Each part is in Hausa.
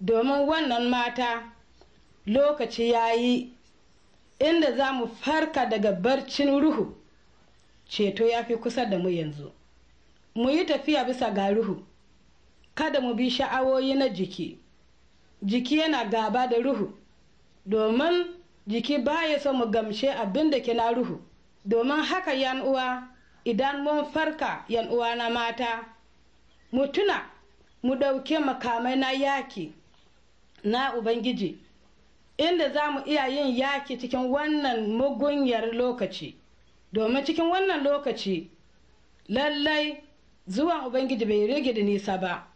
domin wannan mata lokaci ya yi inda za mu farka daga barcin ruhu ceto ya fi kusa da mu yanzu mu yi tafiya bisa ga ruhu kada mu bi sha'awoyi na jiki jiki yana gaba da ruhu domin jiki baya so mu gamshe abin da ke na ruhu domin haka yan uwa idan mun farka yan uwa na mata mu tuna mu ɗauke makamai na yaki na Ubangiji, inda za mu iya yin yaki cikin wannan mugunyar lokaci, domin cikin wannan lokaci lallai zuwan Ubangiji bai rage da nisa ba,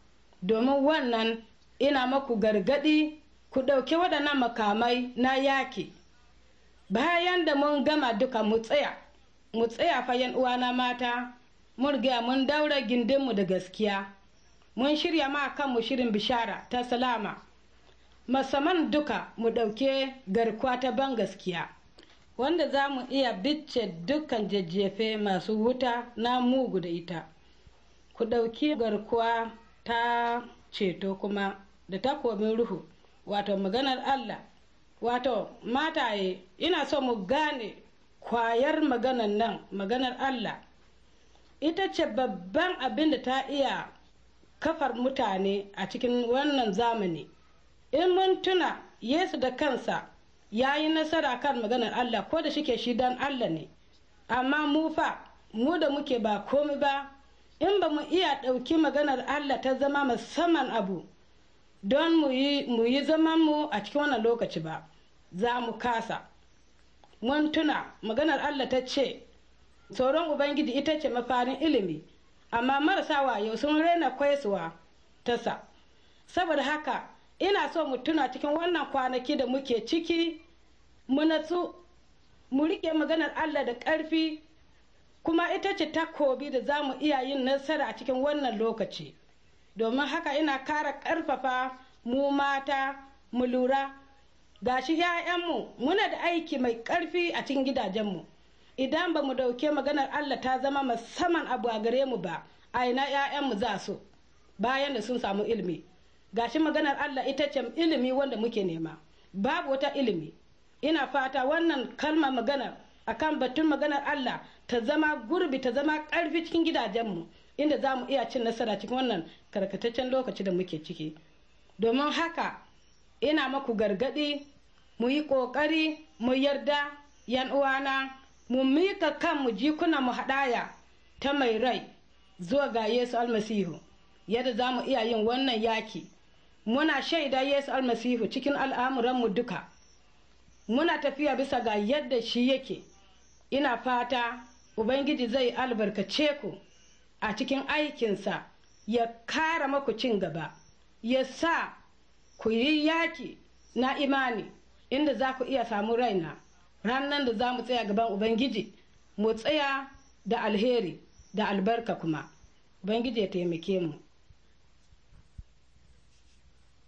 domin wannan ina maku gargadi ku ɗauki waɗannan makamai na yaki. Bayan da mun gama duka mu tsaya, mu tsaya fayan uwana mata, mun riga mun daura gindinmu da gaskiya, mun shirya ma kanmu shirin bishara ta salama. masaman duka mu ɗauke garkuwa ta ban gaskiya wanda za mu iya bicce dukkan jajjefe masu wuta na mugu da ita ku ɗauki garkuwa ta ceto kuma da takobin ruhu wato maganar allah wato mataye ina so mu gane kwayar maganar nan maganar allah ita ce babban abin da ta iya kafar mutane a cikin wannan zamani in mun tuna yesu da kansa ya yi nasara kan maganar allah ko da shike shi dan allah ne amma mu fa mu da muke ba komai ba in ba mu iya ɗauki maganar allah ta zama musamman abu don mu yi zaman mu a cikin wannan lokaci ba za mu kasa mun tuna maganar allah ta ce tsoron ubangiji ita ce mafarin ilimi amma marasa wayo sun rena kwaisuwa tasa saboda haka ina so mu tuna cikin wannan kwanaki da muke ciki mu natsu mu rike maganar allah da ƙarfi kuma ita ce takobi da za mu iya yin nasara a cikin wannan lokaci domin haka ina kara ƙarfafa mu mata mu lura ga shi 'ya'yanmu muna da aiki mai ƙarfi a cikin gidajenmu idan ba mu dauke maganar allah ta zama musamman abu a gare mu ba a ina 'ya'yanmu za su bayan da sun samu ilimi gashi maganar Allah ita ce ilimi wanda muke nema babu wata ilimi ina fata wannan kalma magana akan batun maganar Allah ta zama gurbi ta zama karfi cikin gidajenmu inda za mu iya cin nasara cikin wannan karkataccen lokaci da muke ciki domin haka ina maku gargadi mu yi kokari mu yarda yan uwana mu mika kanmu jikuna mu hadaya ta mai rai zuwa ga Yesu almasihu yadda za mu iya yin wannan yaki muna shaida Yesu almasihu cikin al'amuranmu duka muna tafiya bisa ga yadda shi yake ina fata ubangiji zai albarkace ku a cikin aikinsa ya kara maku cin gaba ya sa ku yi yaki na imani inda za ku iya samu raina ranar da za mu tsaya gaban ubangiji mu tsaya da alheri da albarka kuma ubangiji ya taimake mu